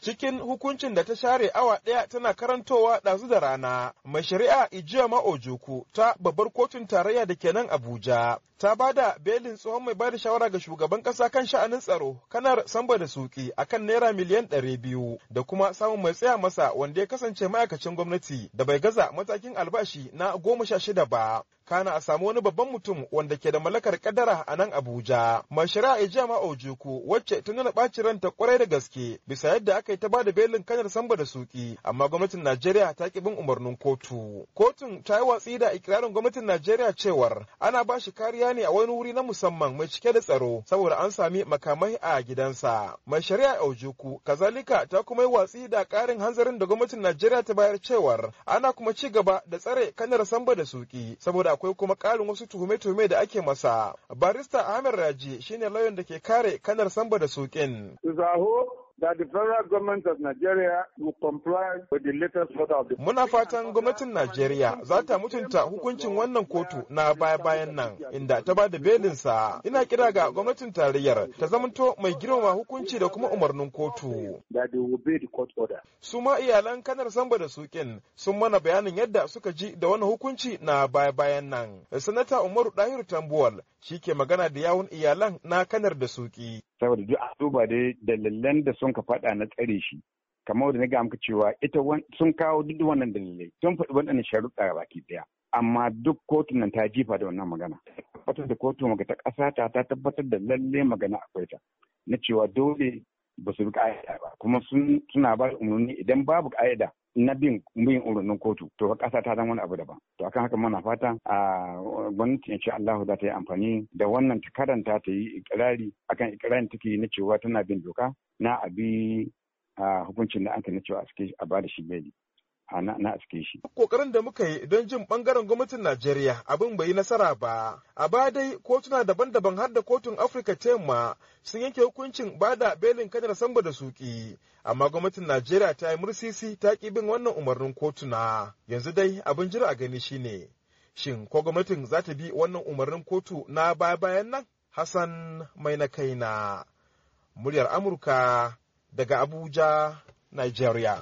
cikin hukuncin da ta share awa ɗaya tana karantowa ɗazu da rana mai shari'a ijiyama ojoku ta babbar kotun tarayya da ke nan abuja ta ba da belin tsohon mai bada shawara ga shugaban ƙasa kan sha'anin tsaro kanar samba da suki akan naira miliyan ɗari biyu da kuma samun mai tsaya masa wanda ya kasance ma'aikacin gwamnati da bai gaza matakin albashi na goma sha shida ba kana a samu wani babban mutum wanda ke da mallakar kadara a nan abuja mai shari'a ijiyama ojoku wacce ta nuna ɓacin ranta kwarai da gaske bisa yadda aka Mai ta bada belin kanar samba da suki amma gwamnatin Najeriya ta ki bin umarnin kotu. Kotun ta yi watsi da ikirarin gwamnatin Najeriya cewar ana ba shi kariya ne a wani wuri na musamman mai cike da tsaro saboda an sami makamai a gidansa. Mai shari'a aujuku kazalika ta kuma yi watsi da karin hanzarin da gwamnatin Najeriya ta bayar cewar ana kuma ci gaba da tsare kanar samba da suki saboda akwai kuma karin wasu tuhume-tuhume da ake masa. Barista Ahmed Raji shine lauyan da ke kare kanar samba da sukin. Zaho that the federal government of Nigeria will comply with the latest order of the Muna fatan gwamnatin Najeriya za ta mutunta hukuncin wannan kotu na baya-bayan nan inda ta ba da belin sa Ina kira ga gwamnatin tarayyar ta zamanto mai girmama hukunci da kuma umarnin kotu. Su ma iyalan kanar samba da sukin sun mana bayanin yadda suka ji da wani hukunci na baya-bayan nan. Sanata Umaru Dahiru Tambuwal shi ke magana da yawun iyalan na kanar da suki. saboda duk a duba dai dalilan da sun ka faɗa na tsare shi kamar da na ga maka cewa ita sun kawo duk wannan dalilai sun faɗi waɗannan sharuɗa baki ɗaya amma duk kotun nan ta jifa da wannan magana tabbatar da kotu maga ta ƙasa ta ta tabbatar da lalle magana akwai ta na cewa dole ba su bi ƙa'ida ba kuma suna ba umarni idan babu ƙa'ida na bin bin urunin kotu to kasa ta zama wani abu daban to akan haka muna fata a gwamnati ce Allah za ta yi amfani da wannan ta karanta ta yi ikirari akan ikirarin take na cewa tana bin doka na abi hukuncin da an na cewa a bada shi beli na aske shi. Kokarin da muka yi don jin bangaren gwamnatin Najeriya abin bai yi nasara ba. A baya dai kotuna daban-daban har da kotun Afirka ta yamma sun yanke hukuncin ba da belin kanar samba da suki. Amma gwamnatin Najeriya ta yi mursisi ta ki bin wannan umarnin kotuna. Yanzu dai abin jira a gani shine. Shin ko gwamnatin za ta bi wannan umarnin kotu na baya-bayan nan? Hassan mai na kaina. Muryar Amurka daga Abuja, Nigeria.